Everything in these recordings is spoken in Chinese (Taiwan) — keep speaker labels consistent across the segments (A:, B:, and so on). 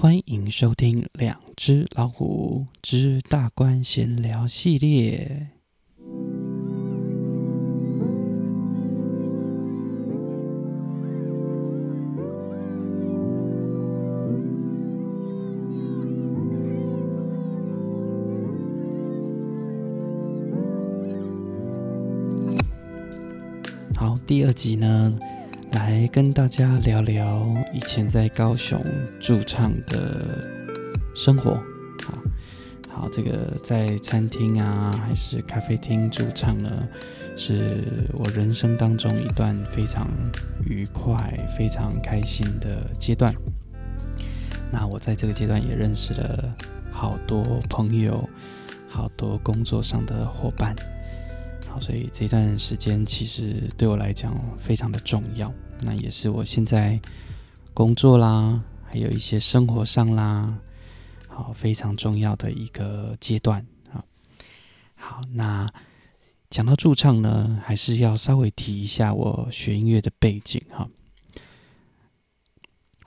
A: 歡迎收聽《兩隻老虎之大官閒聊》系列。好，第二集呢，來跟大家聊聊以前在高雄駐唱的生活。好，好，這個在餐廳啊，還是咖啡廳駐唱呢，是我人生當中一段非常愉快，非常開心的階段。那我在這個階段也認識了好多朋友，好多工作上的夥伴。好，所以這一段時間其實對我來講非常的重要，那也是我現在工作啦，還有一些生活上啦，好非常重要的一個階段啊。好，那講到駐唱呢，還是要稍微提一下我學音樂的背景哈。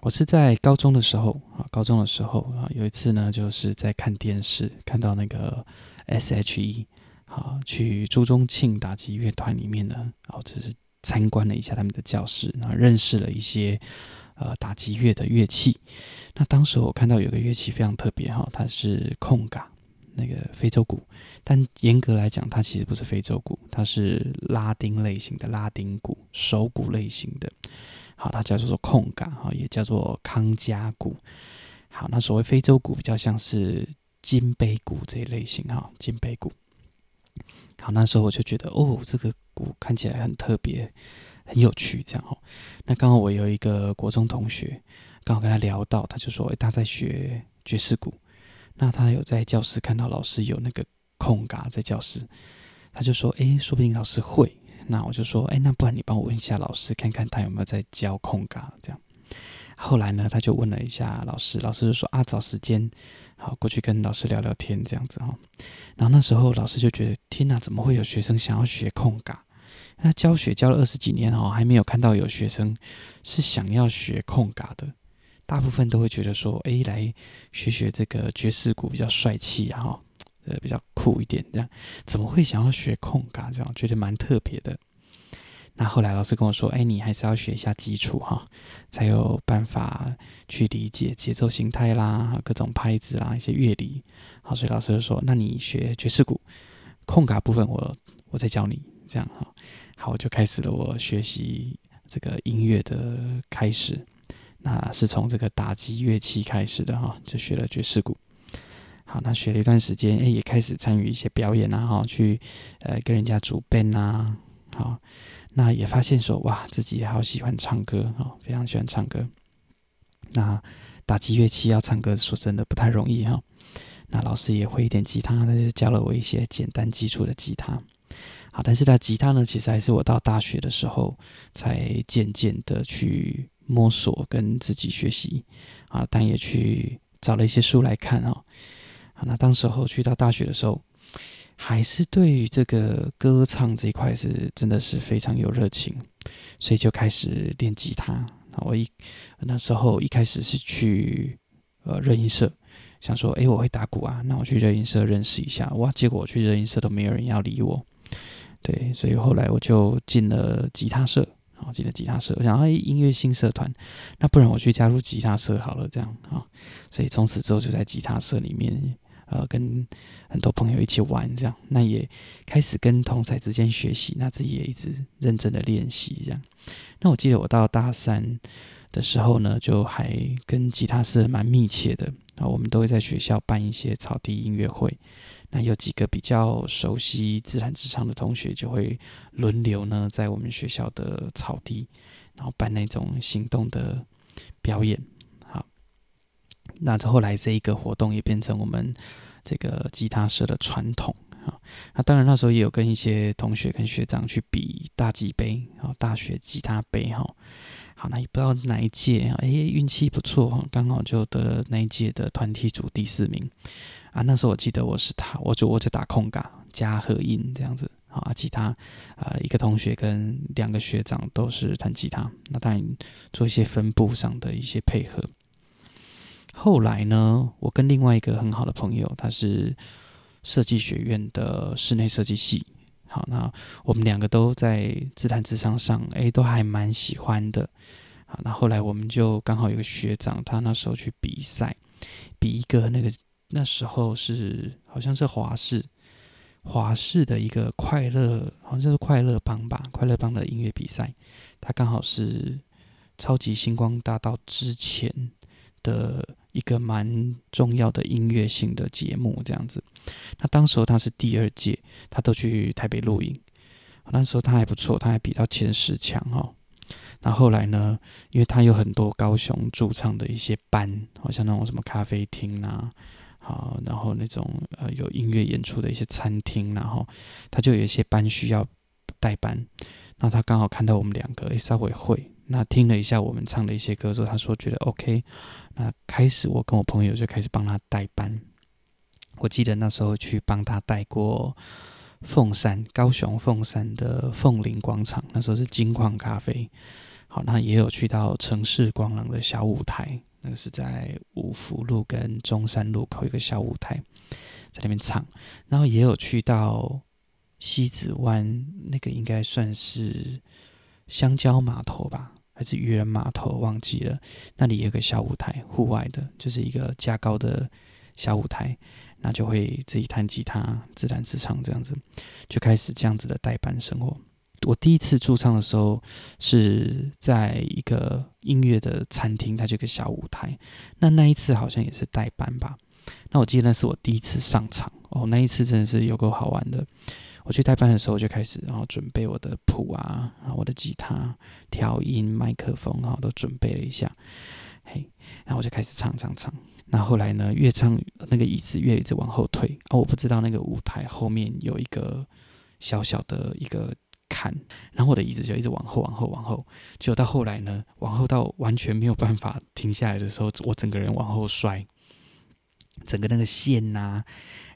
A: 我是在高中的時候啊，高中的時候啊，有一次呢，就是在看電視，看到那個 SHE。好，去朱宗慶打擊樂團裡面呢，然、哦、只就是參觀了一下他們的教室，然後認識了一些呃打擊樂的樂器。那當時我看到有個樂器非常特別哈、哦，它是康加，那個非洲鼓，但嚴格來講，它其實不是非洲鼓，它是拉丁類型的拉丁鼓，手鼓類型的。好，它叫做康加哈，也叫做康加鼓。好，那所謂非洲鼓比較像是金杯鼓這一類型哈、哦，金杯鼓。好，那時候我就覺得，哦，這個鼓看起來很特別，很有趣，這樣哦，那剛好我有一個國中同學，剛好跟他聊到，他就說，欸、他在學爵士鼓。那他有在教室看到老師有那個康加在教室，他就說，誒、欸，說不定老師會。那我就說，誒、欸，那不然你幫我問一下老師，看看他有沒有在教康加這樣。後來呢，他就問了一下老師，老師就說，啊，找時間。好，過去跟老師聊聊天，這樣子哈，然後那時候老師就覺得，天哪、啊，怎麼會有學生想要學控嘎？那教學教了二十幾年哦，還沒有看到有學生是想要學控嘎的，大部分都會覺得說，哎、欸，來學學這個爵士鼓比較帥氣啊，哈，呃，比較酷一點這樣，怎麼會想要學控嘎？這樣覺得蠻特別的。那後來老師跟我說，哎，你還是要學一下基礎哈、哦，才有辦法去理解節奏形態啦，各種拍子啦，一些樂理。好，所以老師就說，那你學爵士鼓，Conga 部分我我再教你，這樣哈、哦。好，我就開始了我學習這個音樂的開始，那是從這個打擊樂器開始的哈、哦，就學了爵士鼓。好，那學了一段時間，哎，也開始參與一些表演啦、啊，哈、哦，去呃跟人家組 band 啦，好。哦。那也發現說，哇，自己也好喜歡唱歌哦，非常喜歡唱歌。那打擊樂器要唱歌，說真的不太容易哈、哦。那老師也會一點吉他，但是教了我一些簡單基礎的吉他。好，但是，他吉他呢，其實還是我到大學的時候才漸漸的去摸索跟自己學習啊。但也去找了一些書來看哦，啊，那當時候去到大學的時候。還是對於這個歌唱這一塊是真的是非常有熱情，所以就開始練吉他。我一那時候一開始是去呃熱音社，想說誒、欸、我會打鼓啊，那我去熱音社認識一下哇。結果我去熱音社都沒有人要理我，對，所以後來我就進了吉他社，然後進了吉他社，我想哎、欸、音樂新社團，那不然我去加入吉他社好了這樣啊。所以從此之後就在吉他社裡面。呃，跟很多朋友一起玩，這樣，那也開始跟同儕之間學習，那自己也一直認真的練習，這樣。那我記得我到大三的時候呢，就還跟吉他社蠻密切的。然後我們都會在學校辦一些草地音樂會，那有幾個比較熟悉自彈自唱的同學，就會輪流呢在我們學校的草地，然後辦那種行動的表演。好，那之後來這一個活動也變成我們。這個吉他社的傳統啊、哦，那當然那時候也有跟一些同學跟學長去比大吉杯啊、哦，大學吉他杯哈、哦。好，那也不知道哪一屆，哎，運氣不錯哈，剛好就得了那一屆的團體組第四名。啊，那時候我記得我是他，我就我在打康加加和音這樣子、哦、啊，吉他啊、呃，一個同學跟兩個學長都是彈吉他，那當然做一些分布上的一些配合。後來呢，我跟另外一個很好的朋友，他是設計學院的室內設計系。好，那我們兩個都在自彈自唱上，上，哎，都還蠻喜歡的。好，那後來我們就剛好有個學長，他那時候去比賽，比一個那個那時候是好像是華視，華視的一個快樂，好像是快樂幫吧，快樂幫的音樂比賽。他剛好是超級星光大道之前的，一個蠻重要的音樂性的節目這樣子，那當時他是第二屆，他都去台北錄音，那時候他還不錯，他還比較前十強哦。那後，後來呢，因為他有很多高雄駐唱的一些班，好像那種什麼咖啡廳吶、啊，好、啊，然後那種呃有音樂演出的一些餐廳、啊，然後他就有一些班需要代班，那他剛好看到我們兩個，哎、欸，稍微會。那聽了一下我們唱的一些歌之後，他說覺得 OK。那開始我跟我朋友就開始幫他代班。我記得那時候去幫他帶過鳳山、高雄鳳山的鳳林廣場，那時候是金礦咖啡。好，那也有去到城市光廊的小舞台，那個是在五福路跟中山路口一個小舞台，在那邊唱。然後也有去到西子灣，那個應該算是香蕉碼頭吧。還是漁人碼頭，忘記了，那裡有個小舞台，戶外的，就是一個加高的小舞台，那就會自己彈吉他、自彈自唱這樣子，就開始這樣子的代班生活。我第一次駐唱的時候是在一個音樂的餐廳，它就個小舞台，那那一次好像也是代班吧。那我記得那是我第一次上場哦，那一次真的是有夠好玩的。我去代班的時候，我就開始，然後準備我的譜啊，然後我的吉他、調音、麥克風，然後都準備了一下。嘿，然後我就開始唱，唱，唱。然後後來呢，越唱那個椅子越一直往後退啊！我不知道那個舞台後面有一個小小的一個坎，然後我的椅子就一直往後、往後、往後。結果到後來呢，往後到完全沒有辦法停下來的時候，我整個人往後摔，整個那個線吶、啊。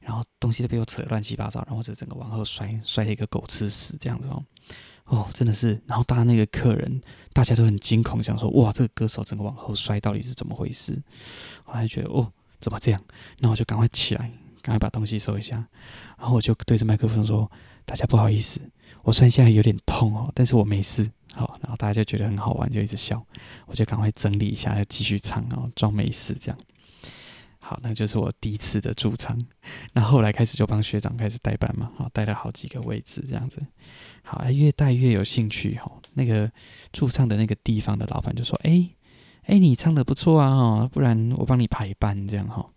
A: 然後東西都被我扯了亂七八糟，然後我就整個往後摔，摔了一個狗吃屎這樣子哦，哦，真的是。然後大家那個客人，大家都很驚恐，想說哇，這個歌手整個往後摔，到底是怎麼回事？我還覺得哦，怎麼這樣？然後我就趕快起來，趕快把東西收一下，然後我就對着麥克風說：“大家不好意思，我雖然現在有點痛哦，但是我沒事。哦”好，然後大家就覺得很好玩，就一直笑。我就趕快整理一下，繼續唱，然後裝沒事這樣。好，那就是我第一次的駐唱，那後來開始就幫學長開始代班嘛，好、哦，代了好幾個位置這樣子，好，啊、越帶越有興趣哈、哦。那個駐唱的那個地方的老闆就說：“哎，哎，你唱的不錯啊，哈、哦，不然我幫你排班這樣哈、哦。”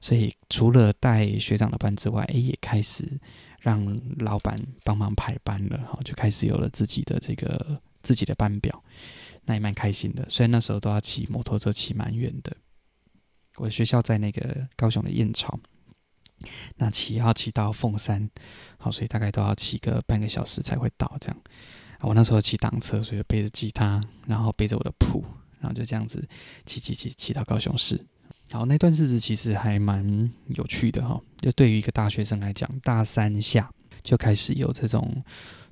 A: 所以除了帶學長的班之外，哎，也開始讓老闆幫忙排班了，好、哦，就開始有了自己的這個自己的班表，那也蠻開心的。雖然那時候都要騎摩托車騎蠻遠的。我學校在那個高雄的燕巢，那騎要騎到鳳山，好，所以大概都要騎個半個小時才會到這樣。我那時候騎檔車，所以背着吉他，然後背着我的譜，然後就這樣子騎騎騎騎到高雄市。好，那段日子其實還蠻有趣的哈、喔。就對於一個大學生來講，大三下就開始有這種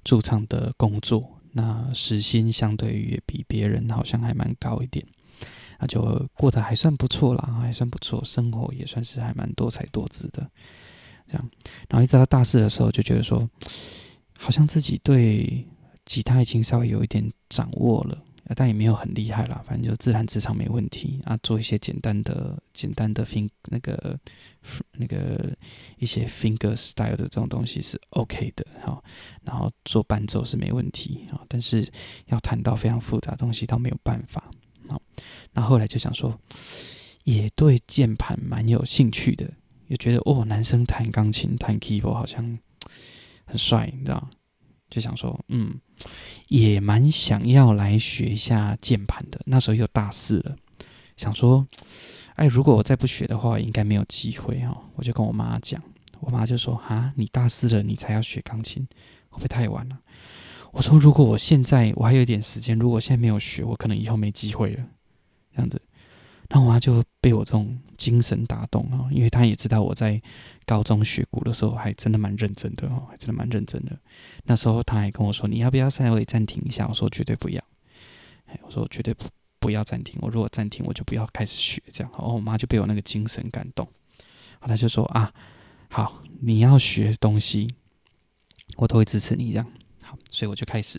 A: 駐唱的工作，那時薪相對於也比別人好像還蠻高一點。那就過得還算不錯啦，還算不錯，生活也算是還蠻多彩多姿的。這樣，然後一直到大四的時候，就覺得說，好像自己對吉他已經稍微有一點掌握了，但也沒有很厲害啦，反正就自彈自唱沒問題啊，做一些簡單的、簡單的 fin 那個那個一些 finger style 的這種東西是 OK 的哈、哦。然後做伴奏是沒問題啊、哦，但是要彈到非常複雜的東西，倒沒有辦法。那後來就想說，也對鍵盤蠻有興趣的，也覺得哦，男生彈鋼琴、彈 keyboard 好像很帥，你知道？就想說，嗯，也蠻想要來學一下鍵盤的。那時候又大四了，想說，哎，如果我再不學的話，應該沒有機會哦。我就跟我媽講，我媽就說啊，你大四了，你才要學鋼琴，會不會太晚了，啊？我說，如果我現在我還有一點時間，如果現在沒有學，我可能以後沒機會了。這樣子，然後我媽就被我這種精神打動哦，因為她也知道我在高中學鼓的時候還真的蠻認真的哦，還真的蠻認真的。那時候她還跟我說：“你要不要稍微暫停一下？”我說：“絕對不要。”我說：“我絕對不，不要暫停。我如果暫停，我就不要開始學這樣。”然後我媽就被我那個精神感動，她就說：“啊，好，你要學東西，我都會支持你。”這樣。所以我就開始，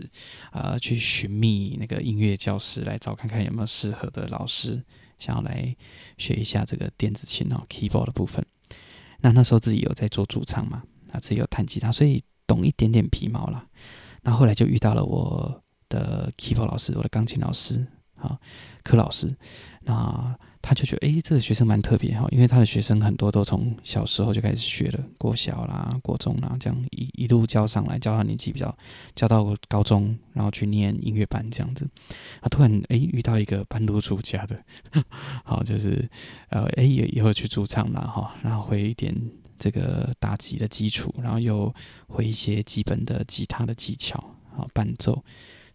A: 啊、呃，去尋覓那個音樂教室，來找看看有沒有適合的老師，想要來學一下這個電子琴哦，keyboard 的部分。那那時候自己有在做駐唱嘛，那自己有彈吉他，所以懂一點點皮毛啦。那後，後來就遇到了我的 keyboard 老師，我的鋼琴老師。啊，柯老師，那他就覺得，誒、欸，這個學生蠻特別哈，因為他的學生很多都從小時候就開始學了，國小啦、國中啦，這樣一一路教上來，教到年紀比較，教到高中，然後去念音樂班這樣子，啊，突然誒、欸，遇到一個半路出家的呵呵，好，就是呃，誒、欸，也也會去駐唱啦，哈、喔，然後會一點這個打擊的基礎，然後又會一些基本的吉他的技巧，好伴奏。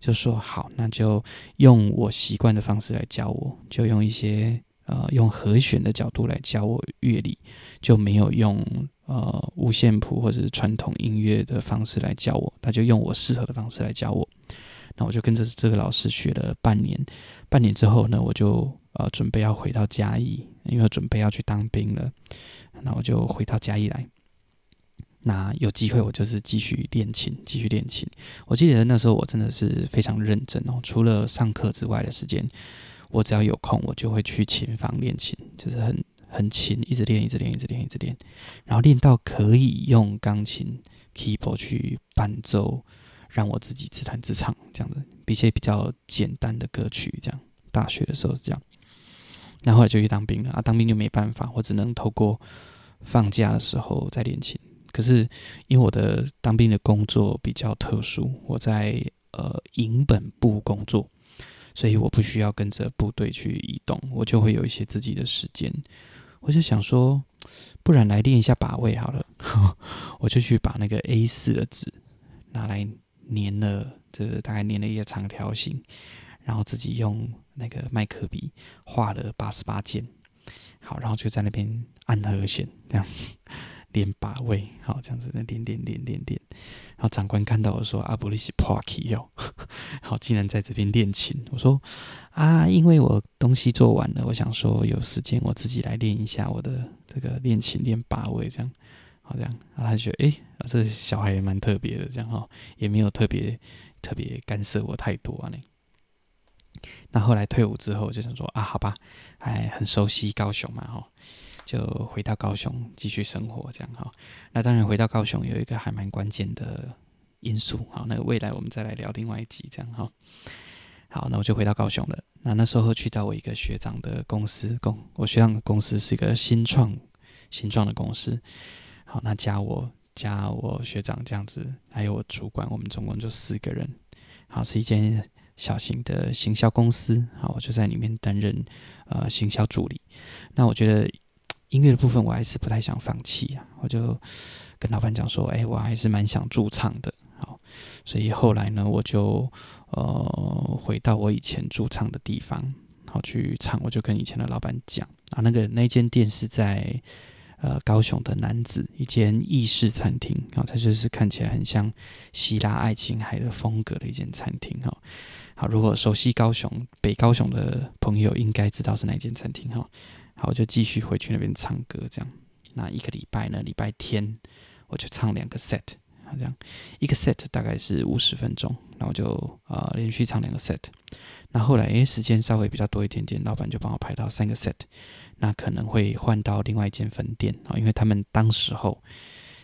A: 就說好，那就用我習慣的方式來教我，就用一些呃用和弦的角度來教我樂理，就沒有用呃五線譜或者是傳統音樂的方式來教我，他就用我適合的方式來教我。那我就跟着這個老師學了半年，半年之後呢，我就呃準備要回到嘉義，因為我準備要去當兵了，那我就回到嘉義來。那有機會，我就是繼續練琴，繼續練琴。我記得那時候我真的是非常認真哦，除了上課之外的時間，我只要有空，我就會去琴房練琴，就是很很勤，一直練，一直練，一直練，一直練，然後練到可以用鋼琴 keyboard 去伴奏，讓我自己自彈自唱這樣子，比一些比較簡單的歌曲這樣。大學的時候是這樣，那後來就去當兵了啊，當兵就沒辦法，我只能透過放假的時候再練琴。可是，因為我的當兵的工作比較特殊，我在呃營本部工作，所以我不需要跟着部隊去移動，我就會有一些自己的時間。我就想說，不然來練一下把位好了， 我就去把那個 A4 的紙拿來粘了，這、就是、大概粘了一些長條形，然後自己用那個麥克筆畫了八十八鍵，好，然後就在那邊按和弦這樣。練把位，好這樣子的練，練練練練練，然後長官看到我說：“啊，不，你是 Parker 哦好竟然在這邊練琴。”我說：“啊，因為我東西做完了，我想說有時間我自己來練一下我的這個練琴練把位，這樣好這樣。”他就覺得：“哎、欸啊，這小孩也蠻特別的，這樣哈、哦，也沒有特別特別干涉我太多啊。”那那後來退伍之後我就想說：“啊，好吧，還、哎、很熟悉高雄嘛，哈、哦。”就回到高雄繼續生活，這樣哈。那當然回到高雄有一個還蠻關鍵的因素，好，那未來我們再來聊另外一集，這樣哈。好，那我就回到高雄了。那那時候去到我一個學長的公司，公我學長的公司是一個新創、新創的公司。好，那加我、加我學長這樣子，還有我主管，我們總共就四個人。好，是一間小型的行銷公司。好，我就在裡面擔任呃行銷助理。那我覺得。音樂的部分我還是不太想放棄啊，我就跟老闆講說：“哎、欸，我還是蠻想駐唱的。”好，所以後來呢，我就呃回到我以前駐唱的地方，好去唱。我就跟以前的老闆講啊，那個那間店是在呃高雄的楠梓一間意式餐廳，啊、哦，它就是看起來很像希臘愛琴海的風格的一間餐廳。哈、哦，好，如果熟悉高雄北高雄的朋友，應該知道是哪間餐廳哈。哦好，我就繼續回去那邊唱歌，這樣。那一個禮拜呢，禮拜天我就唱兩個 set，好，這樣一個 set 大概是五十分鐘，然後就呃連續唱兩個 set。那後來因為時間稍微比較多一點點，老闆就幫我排到三個 set，那可能會換到另外一間分店啊、哦，因為他們當時候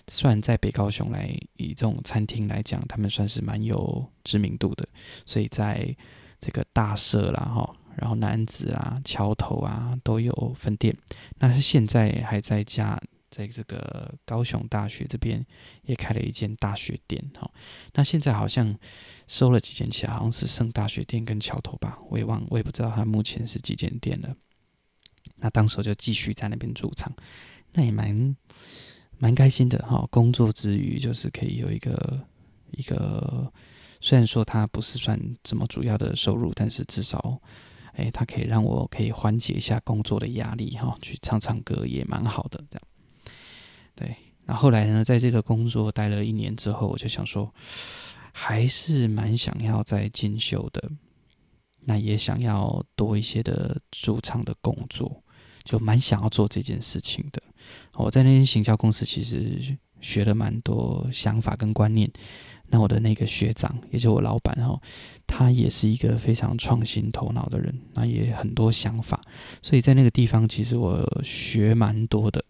A: 雖然在北高雄來以這種餐廳來講，他們算是蠻有知名度的，所以在這個大社啦哈。哦然後楠梓啊、橋頭啊都有分店。那他現在還在家，在這個高雄大學這邊也開了一間大學店哈、哦。那現在好像收了幾間起來，好像是剩大學店跟橋頭吧，我也忘，我也不知道他目前是幾間店了。那當時就繼續在那邊駐場，那也蠻蠻開心的哈、哦。工作之餘就是可以有一個一個，雖然說它不是算這麼主要的收入，但是至少。哎，它可以讓我可以緩解一下工作的壓力哈，哦，去唱唱歌也蠻好的，這樣。對，那後，後來呢，在這個工作待了一年之後，我就想說，還是蠻想要再進修的。那也想要多一些的駐唱的工作，就蠻想要做這件事情的。我在那間行銷公司其實學了蠻多想法跟觀念。那我的那個學長，也就是我老板哦，他也是一個非常創新頭腦的人，那也很多想法，所以在那個地方，其實我學蠻多的。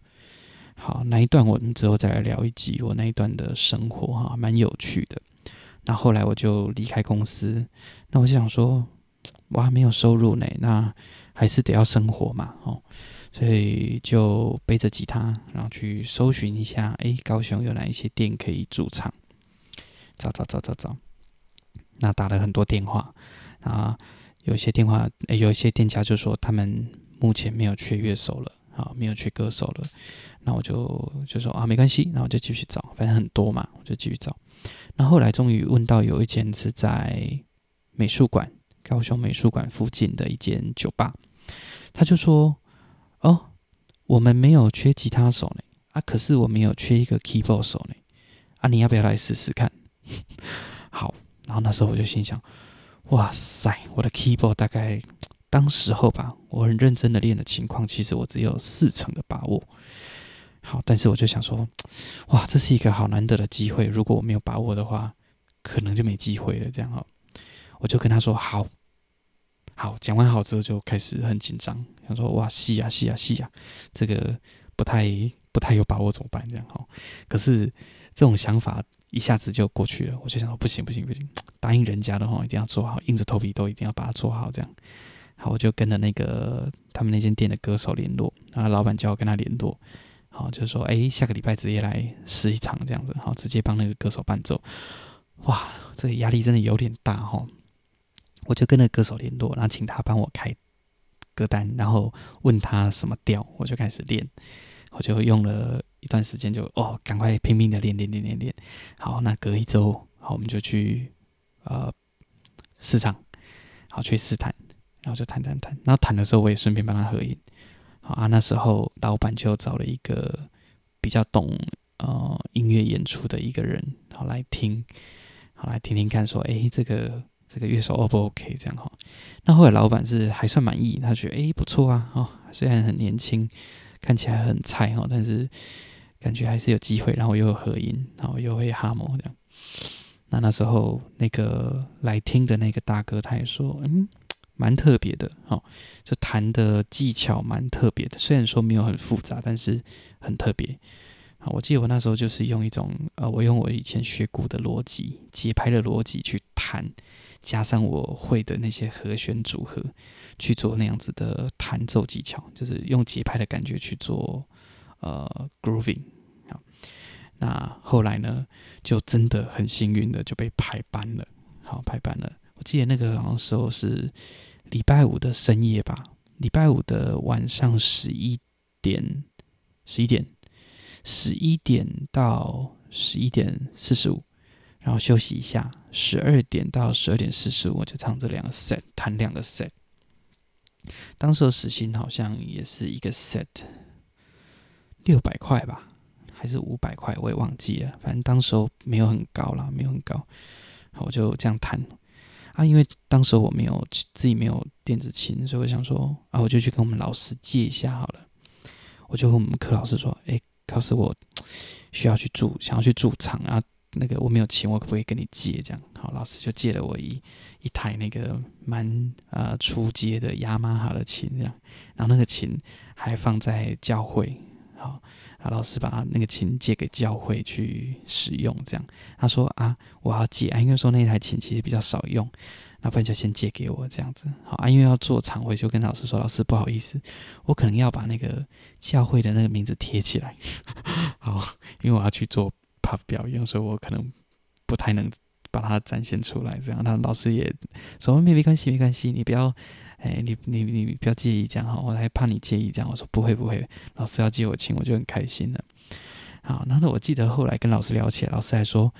A: 好，那一段我們之後再來聊一集，我那一段的生活哈、啊，蠻有趣的。那後來我就離開公司，那我就想說，我還沒有收入呢，那還是得要生活嘛，哦，所以就背着吉他，然後去搜尋一下，誒，高雄有哪一些店可以駐唱。找找找找找，那打了很多電話啊，有些電話、欸、有一些店家就說他們目前沒有缺樂手了，啊，沒有缺歌手了。那我就就說啊，沒關係。那我就繼續找，反正很多嘛，我就繼續找。那後來終於問到有一間是在美術館，高雄美術館附近的一間酒吧，他就說：“哦，我們沒有缺吉他手呢，啊，可是我們有缺一個 keyboard 手呢，啊，你要不要來試試看？” 好，然後那時候我就心想，哇塞，我的 keyboard 大概當時候吧，我很認真的練的情況，其實我只有四成的把握。好，但是我就想說，哇，這是一個好難得的機會，如果我沒有把握的話，可能就沒機會了。這樣哦，我就跟他說，好好講完好之後，就開始很緊張，想說，哇，是呀是呀是呀，這個不太不太有把握，怎麼辦？這樣哦，可是這種想法，一下子就過去了，我就想說不行不行不行，答應人家的話一定要做好，硬着頭皮都一定要把它做好這樣。好，我就跟着那個他們那間店的歌手聯絡，然後老闆叫我跟他聯絡，好就是說，哎、欸，下個禮拜直接來試一場這樣子，好直接幫那個歌手伴奏。哇，這個壓力真的有點大吼。我就跟那歌手聯絡，然後請他幫我開歌單，然後問他什麼調，我就開始練。我就用了一段時間，就哦，趕快拼命的練練練練練。好，那隔一周，好，我們就去呃試唱，好去試彈，然後就彈彈彈。然後彈的時候，我也順便幫他合影。好啊，那時候老板就找了一個比較懂呃音樂演出的一個人，好來聽，好來聽聽看說，說、欸、哎，這個這個樂手 O、哦、不 OK？這樣哈。那後來老板是還算滿意，他就覺得哎、欸、不錯啊，哦，雖然很年輕。看起來很菜哈，但是感覺還是有機會。然後又有合音，然後又會哈模這樣。那那時候那個來聽的那個大哥，他也說，嗯，蠻特別的哈，就彈的技巧蠻特別的。雖然說沒有很複雜，但是很特別。啊，我記得我那時候就是用一種、呃、我用我以前學鼓的邏輯、節拍的邏輯去彈。加上我會的那些和弦組合，去做那樣子的彈奏技巧，就是用節拍的感覺去做呃 grooving。好，那後來呢，就真的很幸運的就被排班了。好，排班了。我記得那個好像時候是禮拜五的深夜吧，禮拜五的晚上十一點，十一點，十一點到十一點四十五。然後休息一下，十二點到十二點四十五，我就唱這兩個 set，彈兩個 set。當時候時薪好像也是一個 set，六百塊吧，還是五百塊，我也忘記了。反正當時候沒有很高啦，沒有很高。我就這樣彈啊，因為當時我沒有自己沒有電子琴，所以我想說啊，我就去跟我們老師借一下好了。我就跟我們科老師說，哎，可是我需要去駐，想要去駐場啊。那個我沒有琴，我可不可以跟你借？這樣好，老師就借了我一一台那個蠻呃初階的雅馬哈的琴，這樣，然後那個琴還放在教會，好，啊，老師把那個琴借給教會去使用，這樣，他說啊，我要借啊，因為說那一台琴其實比較少用，那不然就先借給我這樣子，好啊，因為要做場會，就跟老師說，老師不好意思，我可能要把那個教會的那個名字貼起來， 好，因為我要去做。他表演，所以我可能不太能把他展現出來。這樣，那老師也說：“沒沒關係，沒關係，你不要，哎，欸，你你你不要介意這樣哈。”我還怕你介意這樣，我說：“不會不會，老師要借我琴，我就很開心了。”好，然後我記得後來跟老師聊起來，老師還說：“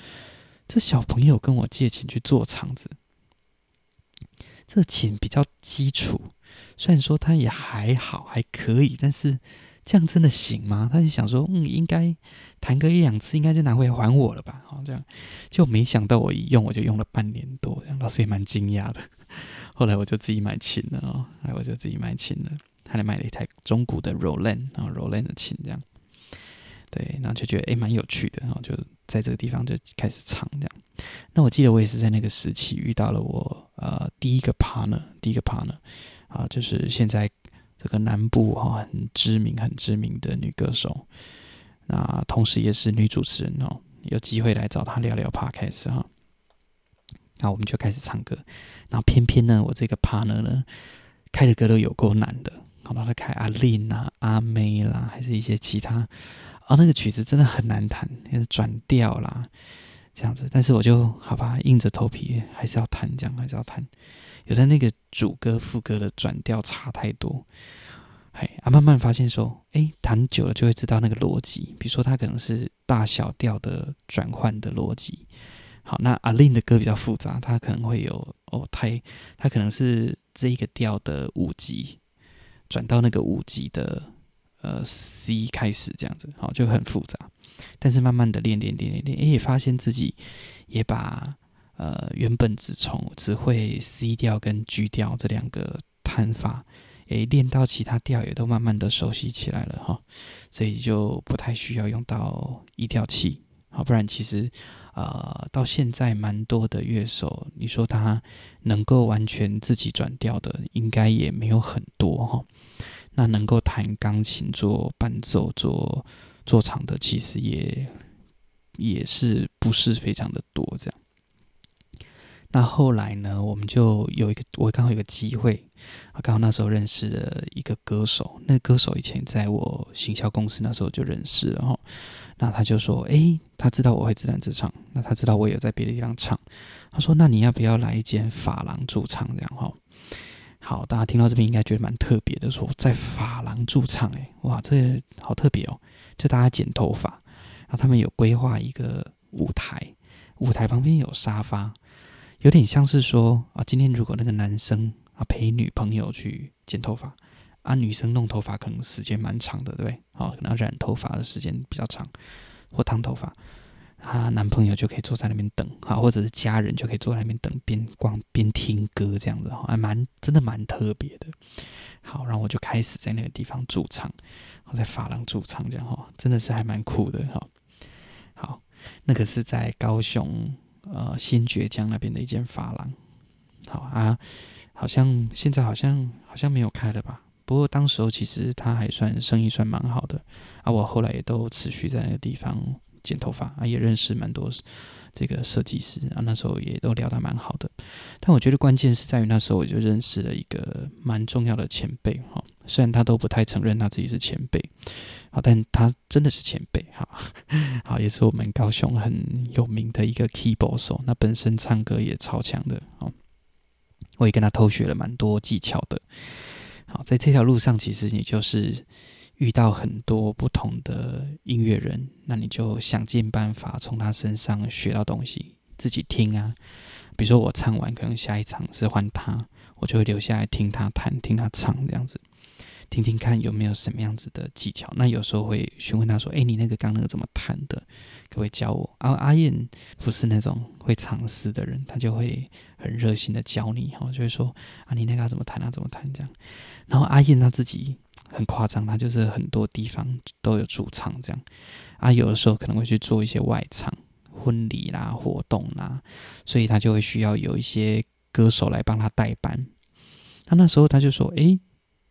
A: 這小朋友跟我借琴去做場子，這琴比較基礎，雖然說他也還好還可以，但是這樣真的行嗎？”他就想說：“嗯，應該。”彈個一兩次，應該就拿回來還我了吧？好，這樣就沒想到我一用，我就用了半年多，這樣老師也蠻驚訝的。後來我就自己買琴了哦，後來我就自己買琴了，還買了一台中古的 Roland，然後 Roland 的琴這樣。對，然後就覺得誒，蠻、欸、有趣的，然後就在這個地方就開始唱這樣。那我記得我也是在那個時期遇到了我呃第一個 partner，第一個 partner 啊，就是現在這個南部哈很知名、很知名的女歌手。那同時也是女主持人哦，有機會來找她聊聊 Podcast 哈。那我們就開始唱歌，然後偏偏呢，我這個 partner 呢，開的歌都有夠難的，好吧？他開阿玲啦、阿妹啦，還是一些其他，啊、哦，那個曲子真的很難彈，因為轉調啦這樣子。但是我就好吧，硬着頭皮還是要彈，這樣還是要彈。有的那個主歌副歌的轉調差太多。嘿，啊，慢慢發現說，誒、欸，彈久了就會知道那個邏輯。比如說，它可能是大小調的轉換的邏輯。好，那 A-Lin 的歌比較複雜，它可能會有哦，它它可能是這一個調的五級轉到那個五級的呃 C 開始這樣子，好，就很複雜。但是慢慢的練練練練練，誒、欸，也發現自己也把呃原本只從只會 C 調跟 G 調這兩個彈法。誒，練到其他調也都慢慢的熟悉起來了哈，所以就不太需要用到移調器。好，不然其實，呃，到現在蠻多的樂手，你說他能夠完全自己轉調的，應該也沒有很多哈。那能夠彈鋼琴做伴奏做、做做場的，其實也也是不是非常的多這樣。那後來呢？我們就有一個，我剛好有一個機會，剛好那時候認識了一個歌手。那歌手以前在我行銷公司那時候就認識了哈。那他就說：“哎、欸，他知道我會自彈自唱，那他知道我有在別的地方唱。他說：那你要不要來一間髮廊駐唱？這樣。好，大家聽到這邊應該覺得蠻特別的說，說在髮廊駐唱、欸，哎，哇，這好特別哦、喔！就大家剪頭髮，然後他們有規劃一個舞台，舞台旁邊有沙發。有點像是說啊，今天如果那個男生啊陪女朋友去剪頭髮，啊女生弄頭髮可能時間蠻長的，對不對？然、哦、後染頭髮的時間比較長，或燙頭髮，啊男朋友就可以坐在那邊等，啊或者是家人就可以坐在那邊等邊，邊逛邊聽歌這樣子，哈、哦，還、啊、蠻真的蠻特別的。好，然後我就開始在那個地方駐唱，我在髮廊駐唱這樣哈、哦，真的是還蠻酷的哈、哦。好，那個是在高雄。呃，新崛江那邊的一間髮廊，好啊，好像現在好像好像沒有開了吧？不過當時候其實他還算生意算蠻好的，啊，我後來也都持續在那個地方剪頭髮，啊，也認識蠻多。這個設計師啊，那時候也都聊得蠻好的，但我覺得關鍵是在於那時候我就認識了一個蠻重要的前輩哈，雖然他都不太承認他自己是前輩，好，但他真的是前輩哈，好，也是我們高雄很有名的一個 keyboard 手，那本身唱歌也超強的哦，我也跟他偷學了蠻多技巧的，好，在這條路上其實你就是。遇到很多不同的音樂人，那你就想盡辦法從他身上學到東西。自己聽啊，比如說我唱完，可能下一場是換他，我就會留下來聽他彈，聽他唱，這樣子聽聽看有沒有什麼樣子的技巧。那有時候會詢問他說：“哎，你那個剛那個怎麼彈的？”各位教我可不可以教我。然、啊、後阿燕不是那種會嘗試藏私的人，他就會很熱心的教你，然、哦、後就會說：“啊，你那個要怎麼彈啊，怎麼彈這樣。”然後阿燕他自己。很誇張，他就是很多地方都有駐唱這樣啊。有的時候可能會去做一些外場婚禮啦、活動啦，所以他就會需要有一些歌手來幫他代班。他那，那時候他就說：“哎、欸，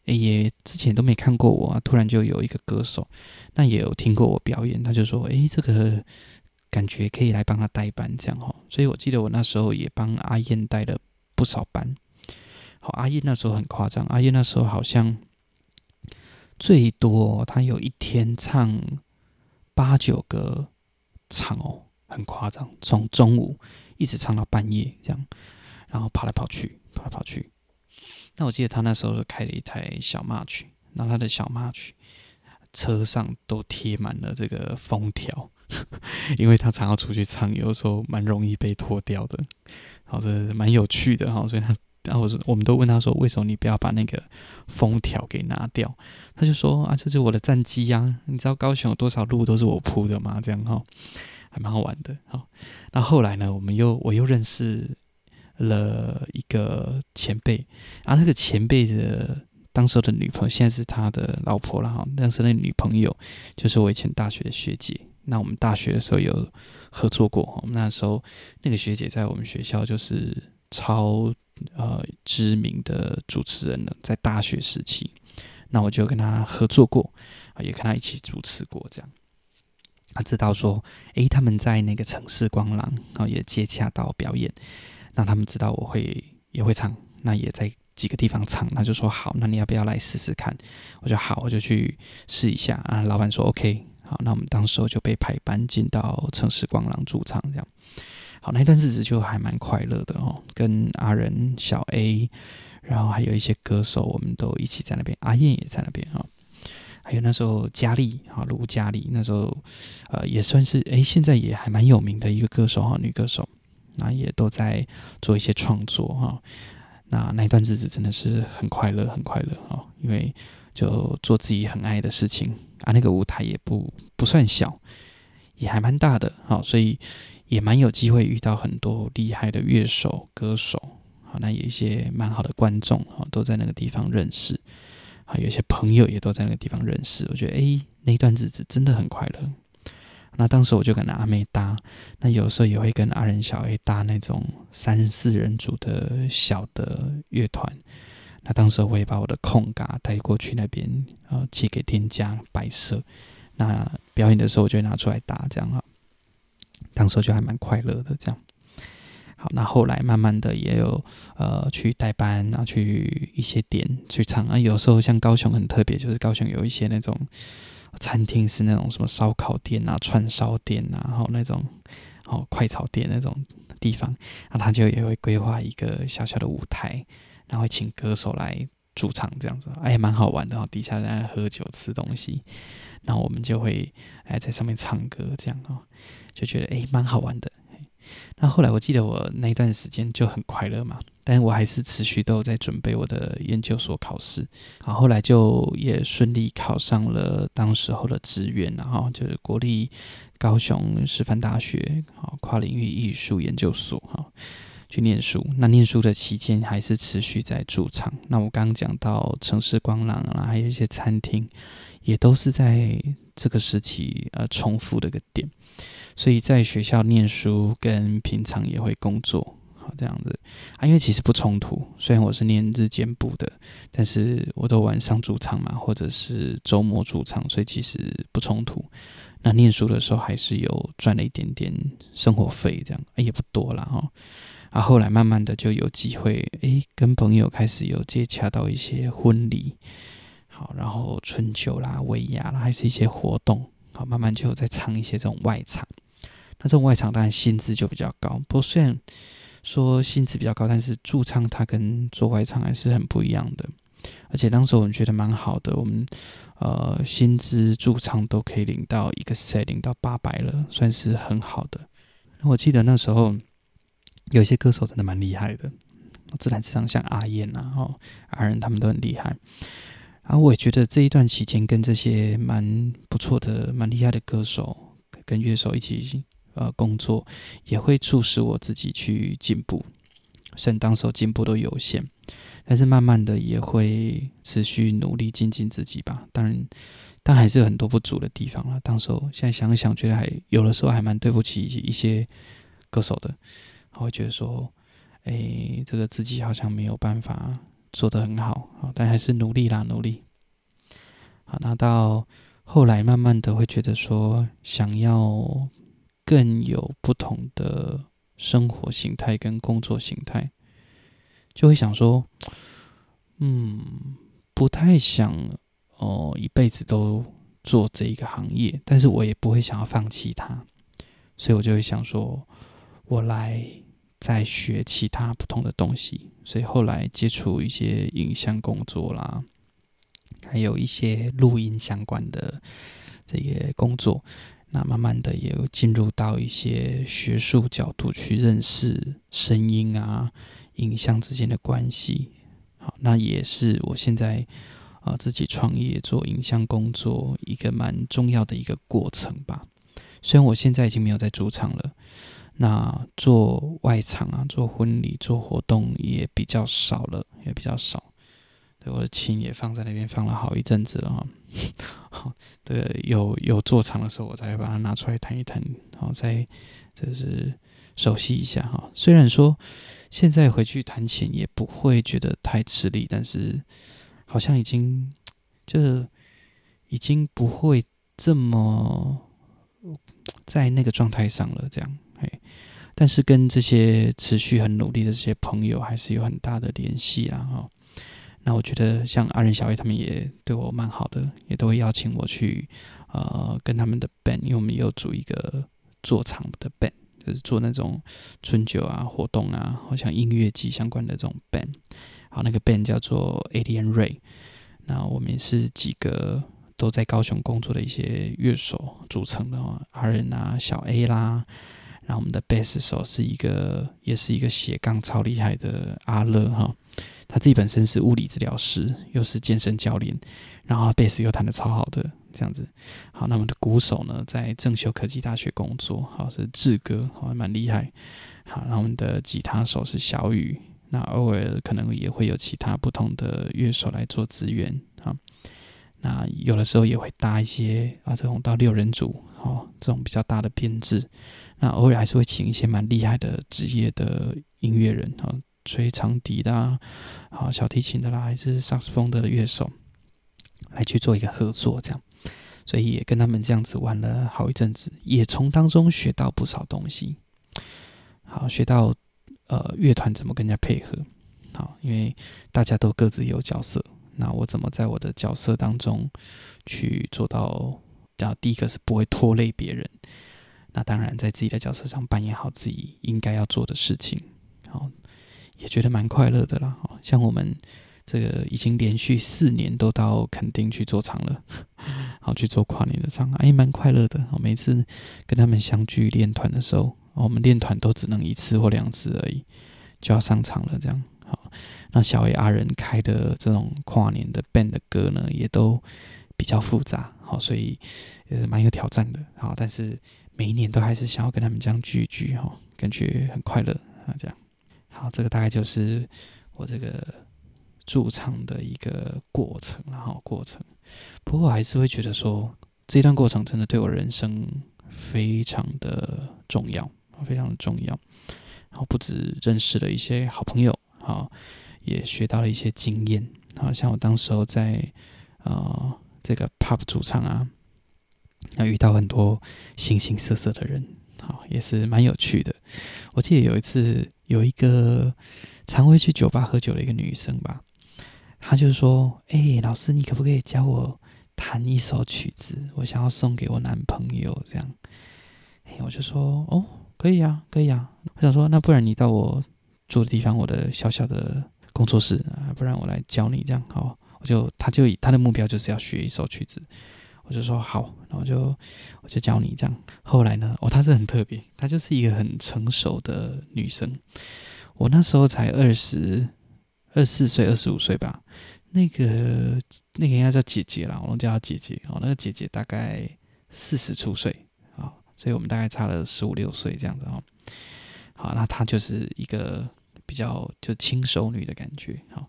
A: 哎、欸，也之前都沒看過我、啊，突然就有一個歌手，那也有聽過我表演，他就說：‘哎、欸，這個感覺可以來幫他代班這樣哦，所以我記得我那時候也幫阿燕代了不少班。好、哦，阿燕那時候很誇張，阿燕那時候好像……最多他有一天唱八九個場哦，很誇張，從中午一直唱到半夜這樣，然後跑來跑去，跑來跑去。那我記得他那時候是開了一台小 March，那他的小 March 車上都貼滿了這個封條，因為他常要出去唱，有時候蠻容易被拖吊的。好像的是蠻有趣的哈、哦，所以。他。啊，我說，我們都問他說，為什麼你不要把那個封條給拿掉？他就說啊，這是我的戰績呀，啊，你知道高雄有多少路都是我鋪的嗎？這樣哈，哦，還蠻好玩的。好、哦，那後來呢，我們又我又認識了一個前輩啊，那個前輩的當時的女朋友，現在是他的老婆了哈。那時那的女朋友就是我以前大學的學姐，那我們大學的時候有合作過。那時候那個學姐在我們學校就是。超呃，知名的主持人了，在大學時期，那我就跟他合作過，也跟他一起主持過，這樣。他知道說，誒、欸，他們在那個城市光廊，然後也接洽到表演，那他們知道我會也會唱，那也在幾個地方唱，那就說好，那你要不要來試試看？我就好，我就去試一下啊。老闆說 OK，好，那我們當時就被排班進到城市光廊駐唱這樣。好，那段日子就還蠻快樂的哦、喔，跟阿仁、小 A，然後還有一些歌手，我們都一起在那邊，阿燕也在那邊啊、喔。還有那時候佳麗哈，盧佳麗那時候，呃，也算是哎、欸，現在也還蠻有名的一個歌手哈、喔，女歌手，那也都在做一些創作哈、喔。那那段日子真的是很快樂，很快樂哦、喔，因為就做自己很愛的事情啊，那個舞台也不不算小，也還蠻大的哈、喔，所以。也蠻有機會遇到很多厲害的樂手、歌手，好，那有一些蠻好的觀眾，好，都在那個地方認識，好，有一些朋友也都在那個地方認識。我覺得，哎、欸，那段日子真的很快樂。那當時我就跟阿妹搭，那有時候也會跟阿仁、小 A 搭那種三四人組的小的樂團。那當時我也把我的空嘎帶過去那邊，呃、啊，借給店家擺設。那表演的時候，我就拿出來搭這樣啊。當時就還蠻快樂的，這樣。好，那後來慢慢的也有呃去代班，然後去一些點去唱。啊，有時候像高雄很特別，就是高雄有一些那種餐廳是那種什麼燒烤店啊、串燒店啊，然後那種哦快炒店那種地方，然後他就也會規劃一個小小的舞台，然後請歌手來駐唱這樣子，哎，蠻好玩的哦。底下在喝酒吃東西，然後我們就會來，哎，在上面唱歌這樣哦。就覺得哎，蠻、欸、好玩的。那後來我記得我那一段時間就很快樂嘛，但我還是持續都在準備我的研究所考試。好，後來就也順利考上了當時候的志願，然後就是國立高雄師範大學，好，跨領域藝術研究所哈，去念書。那念書的期間還是持續在駐唱。那我剛剛講到城市光廊啦、啊，還有一些餐廳，也都是在。這個時期，而、呃、重複的一個點，所以在學校念書跟平常也會工作，好，這樣子啊，因為其實不衝突。雖然我是念日間部的，但是我都晚上駐唱嘛，或者是週末駐唱，所以其實不衝突。那念書的時候還是有賺了一點點生活費，這樣哎，也不多了哈、哦。啊，後來慢慢的就有機會，哎，跟朋友開始有接洽到一些婚禮。好，然後春秋啦、尾牙啦，還是一些活動，好，慢慢就在唱一些這種外場。那這種外場當然薪資就比較高，不過雖然說薪資比較高，但是駐唱它跟做外場還是很不一樣的。而且當時我們覺得蠻好的，我們呃薪資駐唱都可以領到一個 set，領到八百了，算是很好的。那我記得那時候有些歌手真的蠻厲害的，自彈自唱像阿燕啊、哦、阿仁他們都很厲害。啊，我也覺得這一段期間跟這些蠻不錯的、蠻厲害的歌手跟樂手一起呃工作，也會促使我自己去進步。雖然當時進步都有限，但是慢慢的也會持續努力精進自己吧。當然，但還是有很多不足的地方了。當時現在想想，覺得還有的時候還蠻對不起一些歌手的。啊、然後覺得說，哎、欸，這個自己好像沒有辦法。做得很好，啊，但還是努力啦，努力。好，那到後來慢慢的會覺得說，想要更有不同的生活形態跟工作形態，就會想說，嗯，不太想哦，呃，一輩子都做這一個行業，但是我也不會想要放棄它，所以我就會想說，我來。在學其他不同的東西，所以後來接觸一些影像工作啦，還有一些錄音相關的這些工作。那慢慢的也有進入到一些學術角度去認識聲音啊、影像之間的關係。好，那也是我現在啊、呃、自己創業做影像工作一個蠻重要的一個過程吧。雖然我現在已經沒有在做場了。那做外場啊，做婚禮、做活動也比較少了，也比較少。對，我的琴也放在那邊放了好一陣子了哈。 好，對，有，有做場的時候，我才會把它拿出來彈一彈，然後再就是熟悉一下哈。雖然說現在回去彈琴也不會覺得太吃力，但是好像已經就是已經不會這麼在那個狀態上了，這樣。但是跟這些持續很努力的這些朋友還是有很大的聯繫啊、哦。那我覺得像阿仁、小 A 他們也對我蠻好的，也都會邀請我去呃跟他們的 band，因為我們也有組一個做場的 band，就是做那種春酒啊、活動啊，或像音樂祭相關的這種 band。好，那個 band 叫做 Alien Ray，那我們是幾個都在高雄工作的一些樂手組成的哦。阿仁啊、小 A 啦。然後我們的貝斯手是一個，也是一個斜槓超厲害的阿樂哈、哦，他自己本身是物理治療師，又是健身教練，然後貝斯又彈得超好的，這樣子。好，那我們的鼓手呢，在正修科技大學工作，好、哦、是志哥，好、哦、蠻厲害。好，那我們的吉他手是小雨，那偶爾可能也會有其他不同的樂手來做支援啊、哦。那有的時候也會搭一些啊，這種到六人組，哦，這種比較大的編制。那偶爾還是會請一些蠻厲害的職業的音樂人啊，吹長笛的啊，小提琴的啦，還是薩克斯風的樂手來去做一個合作，這樣，所以也跟他們這樣子玩了好一陣子，也從當中學到不少東西。好，學到呃樂團怎麼跟人家配合，好，因為大家都各自有角色，那我怎麼在我的角色當中去做到，叫第一個是不會拖累別人。那當然，在自己的角色上扮演好自己應該要做的事情，好、哦，也覺得蠻快樂的啦，好、哦、像我們這個已經連續四年都到墾丁去做場了，好，去做跨年的場，也、哎、蠻快樂的、哦。每次跟他們相聚練團的時候、哦，我們練團都只能一次或兩次而已，就要上場了。這樣好、哦，那小野阿仁開的這種跨年的 band 的歌呢，也都比較複雜，好、哦，所以也是蠻有挑戰的。好、哦，但是。每一年都還是想要跟他們這樣聚聚，哈，感覺很快樂啊。這樣，好，這個大概就是我這個駐唱的一個過程，然後過程。不過我還是會覺得說，這段過程真的對我人生非常的重要，非常的重要。然後不止認識了一些好朋友，好，也學到了一些經驗。好，像我當時候在呃這個 pub 駐唱啊。那遇到很多形形色色的人，好，也是蠻有趣的。我記得有一次，有一個常會去酒吧喝酒的一個女生吧，她就說：“哎，老師，你可不可以教我彈一首曲子？我想要送給我男朋友這樣。”誒，我就說：“哦，可以啊，可以啊。”我想說：“那不然你到我住的地方，我的小小的工作室啊，不然我來教你這樣好。”我就她就以她的目標就是要學一首曲子。我就說，好，然後就我就教你這樣。後來呢，哦，她是很特別，她就是一個很成熟的女生。我那時候才二十二四歲，二十五歲吧。那個那個應該叫姐姐啦，我都叫她姐姐。哦，那個姐姐大概四十出歲，啊、哦，所以我們大概差了十五六歲這樣子哦。好、哦，那她就是一個比較就輕熟女的感覺。好、哦，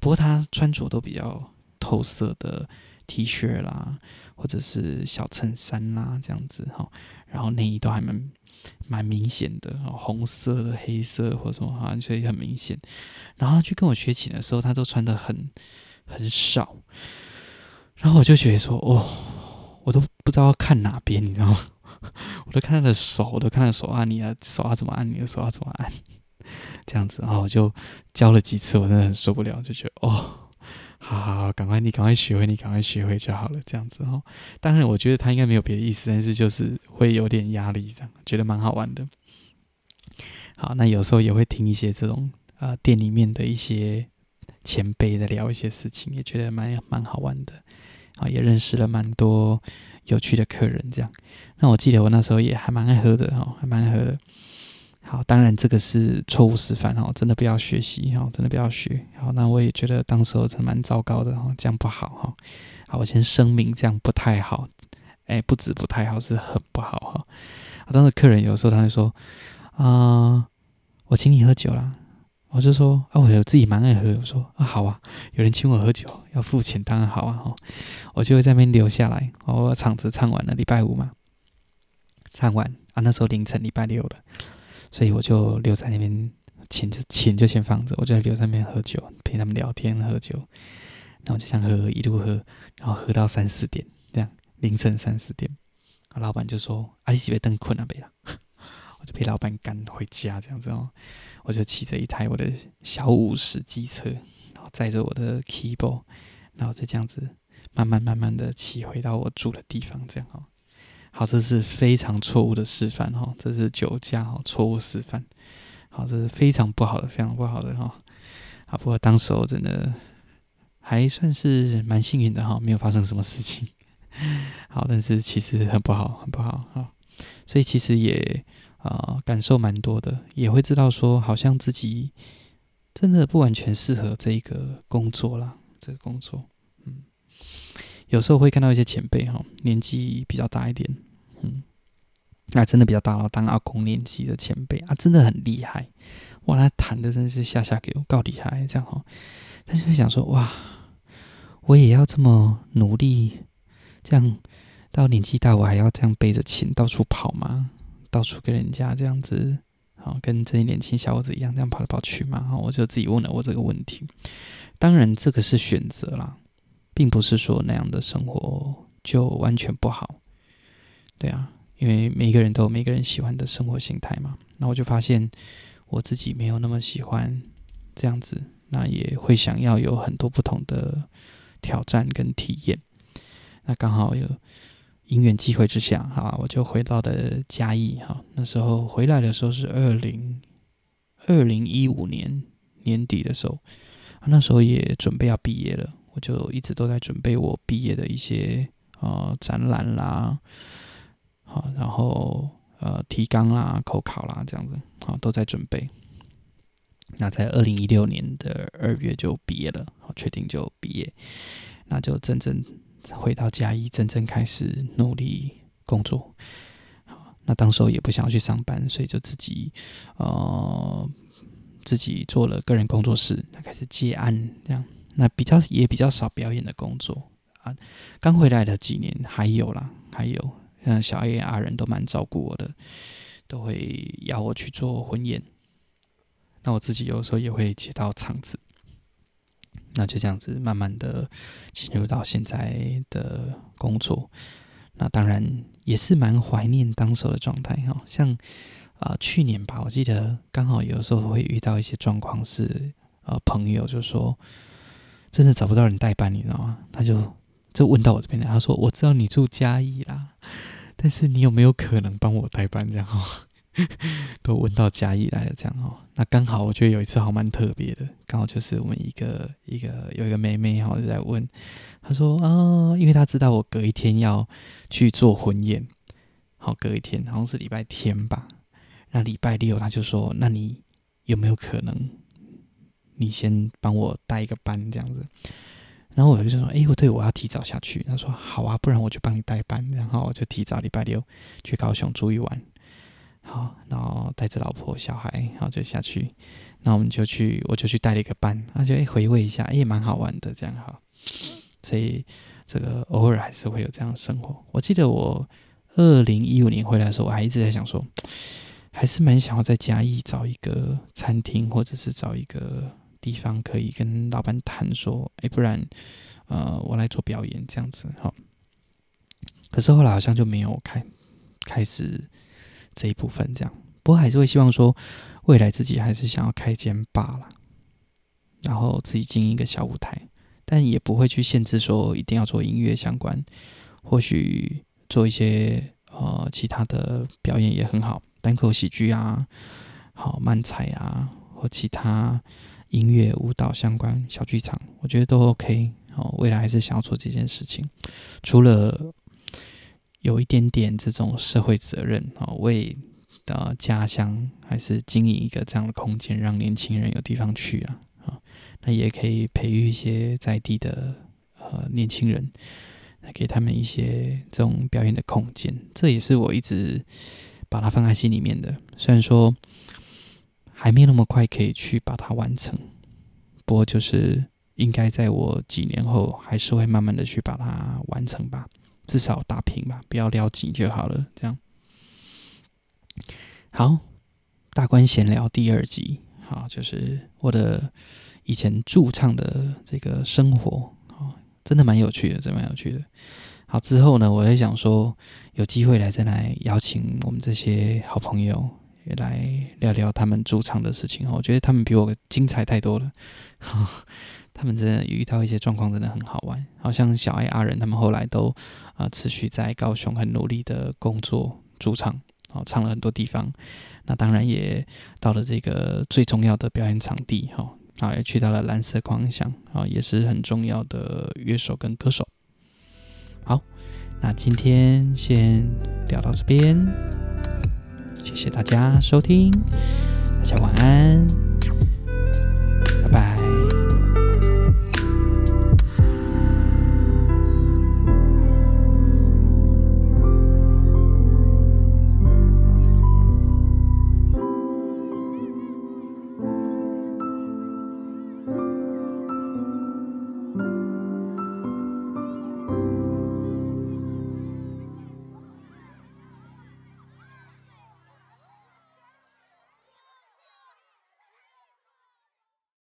A: 不過她穿着都比較透色的。T 恤啦，或者是小襯衫啦，這樣子哈、哦。然後內衣都還蠻蠻明顯的，紅色、黑色或什麼、啊，所以很明顯。然後去跟我學琴的時候，他都穿得很很少。然後我就覺得說，哦，我都不知道要看哪邊，你知道嗎？我都看他的手，我都看他的手啊，你的手啊，怎麼按，你的手要怎麼按，這樣子。然後我就教了幾次，我真的很受不了，就覺得哦。好好好，趕快你趕快學會，你趕快學會就好了，這樣子哦，當然，我覺得他應該沒有別的意思，但是就是會有點壓力，這樣覺得蠻好玩的。好，那有時候也會聽一些這種啊、呃，店裡面的一些前輩在聊一些事情，也覺得蠻蠻好玩的。啊、哦，也認識了蠻多有趣的客人，這樣。那我記得我那時候也還蠻愛喝的哦，還蠻愛喝的。哦好，當然這個是錯誤示範哈，真的不要學習哈，真的不要學。好，那我也覺得當時候真蠻糟糕的哈，這樣不好哈。好，我先聲明，這樣不太好，欸。不止不太好，是很不好哈。當時客人有時候他會說，啊、呃，我請你喝酒了，我就說，啊、哦，我有自己蠻愛喝，我說，啊，好啊，有人請我喝酒要付錢當然好啊，我就會在那邊留下來。我場子唱完了，禮拜五嘛，唱完啊，那時候凌晨禮拜六了。所以我就留在那邊，錢就錢就先放着，我就留在那邊喝酒，陪他們聊天喝酒，然後就想喝一路喝，然後喝到三四點，這樣凌晨三四點，老板就說：“阿西別等困了，別了。”我就被老板趕回家這樣子哦、喔，我就騎着一台我的小五十機車，然後載着我的 Keyboard，然後就這樣子慢慢慢慢的騎回到我住的地方這樣哦、喔。好，這是非常錯誤的示範哦，這是酒駕哦，錯誤示範。好，這是非常不好的，非常不好的哈、哦。啊，不過當時我真的還算是蠻幸運的哈、哦，沒有發生什麼事情。好，但是其實很不好，很不好哈。所以其實也啊、呃，感受蠻多的，也會知道說，好像自己真的不完全適合這個工作啦，這個工作。嗯，有時候會看到一些前輩哈、哦，年紀比較大一點。嗯，那、啊、真的比較大佬，當阿公年紀的前輩啊，真的很厲害，哇！他彈的真是下下給我夠厲害，這樣他、哦、但是想說，哇，我也要這麼努力，這樣到年紀大，我還要這樣背着琴到處跑嗎？到處跟人家這樣子，好、哦、跟這些年輕小伙子一樣這樣跑來跑去嗎、哦？我就自己問了我這個問題。當然，這個是選擇啦，並不是說那樣的生活就完全不好。對啊，因為每個人都有每個人喜歡的生活形態嘛，那我就發現我自己沒有那麼喜歡這樣子，那也會想要有很多不同的挑戰跟體驗。那剛好有因緣機會之下，哈，我就回到了嘉義哈。那時候回來的時候是二零二零一五年年底的時候，那時候也準備要畢業了，我就一直都在準備我畢業的一些啊、呃、展覽啦。好，然後呃，提綱啦，口考啦，這樣子，啊、哦，都在準備。那在二零一六年的二月就畢業了，哦，確定就畢業，那就真正，正回到嘉義，真正開始努力工作。那當時也不想要去上班，所以就自己呃，自己做了個人工作室，那開始接案，這樣，那比較也比較少表演的工作啊。剛回來的幾年還有啦，還有。像小 A、R 人都蠻照顧我的，都會邀我去做婚宴。那我自己有時候也會接到場子，那就這樣子慢慢的進入到現在的工作。那當然也是蠻懷念當時的狀態哈。像啊、呃、去年吧，我記得剛好有時候會遇到一些狀況是，是、呃、朋友就說真的找不到人代班，你知道嗎？他就就問到我這邊來，他說我知道你住嘉義啦。但是你有沒有可能幫我代班這樣哦？ 都問到家裡來了這樣哦。那剛好我覺得有一次好蠻特別的，剛好就是我們一個一個有一個妹妹然後就在問，她說啊、哦，因為她知道我隔一天要去做婚宴，好隔一天好像是禮拜天吧，那禮拜六她就說，那你有沒有可能你先幫我帶一個班這樣子？然後我就說：“哎、欸，我對我要提早下去。”他說：“好啊，不然我就幫你代班。”然後我就提早禮拜六去高雄住一晚，好，然後帶着老婆小孩，然後就下去。那我們就去，我就去帶了一個班，那就回味一下，哎、欸，也蠻好玩的這樣哈。所以這個偶爾還是會有這樣的生活。我記得我二零一五年回來的時候，我還一直在想說，還是蠻想要在嘉義找一個餐廳，或者是找一個。地方，可以跟老闆談說，哎、欸，不然，呃，我來做表演這樣子哈、哦。可是後來好像就沒有開開始這一部分這樣。不過還是會希望說，未來自己還是想要開間 bar 啦，然後自己經營一個小舞台。但也不會去限制說一定要做音樂相關，或許做一些呃其他的表演也很好，單口喜劇啊，好漫才啊，或其他，音樂、舞蹈相關小劇場，我覺得都 OK、哦。好，未來還是想要做這件事情。除了有一點點這種社會責任啊、哦，為呃家鄉還是經營一個這樣的空間，讓年輕人有地方去啊。哦、那也可以培育一些在地的呃年輕人，給他們一些這種表演的空間。這也是我一直把它放在心裡面的。雖然說。還沒有那麼快可以去把它完成，不過就是應該在我幾年後還是會慢慢的去把它完成吧，至少打平吧，不要掉級，就好了。這樣，好，大官閒聊第二集，好，就是我的以前駐唱的這個生活啊，真的蠻有趣的，真蠻有趣的。好，之後呢，我也想說有機會來再來邀請我們這些好朋友。也來聊聊他們駐唱的事情，我覺得他們比我精彩太多了。哈，他們真的遇到一些狀況，真的很好玩。好像小愛、阿仁他們後來都啊持續在高雄很努力的工作駐唱，哦，唱了很多地方。那當然也到了這個最重要的表演場地哈，啊，也去到了藍色狂想啊，也是很重要的樂手跟歌手。好，那今天先聊到這邊。謝謝大家收聽，大家晚安，拜拜。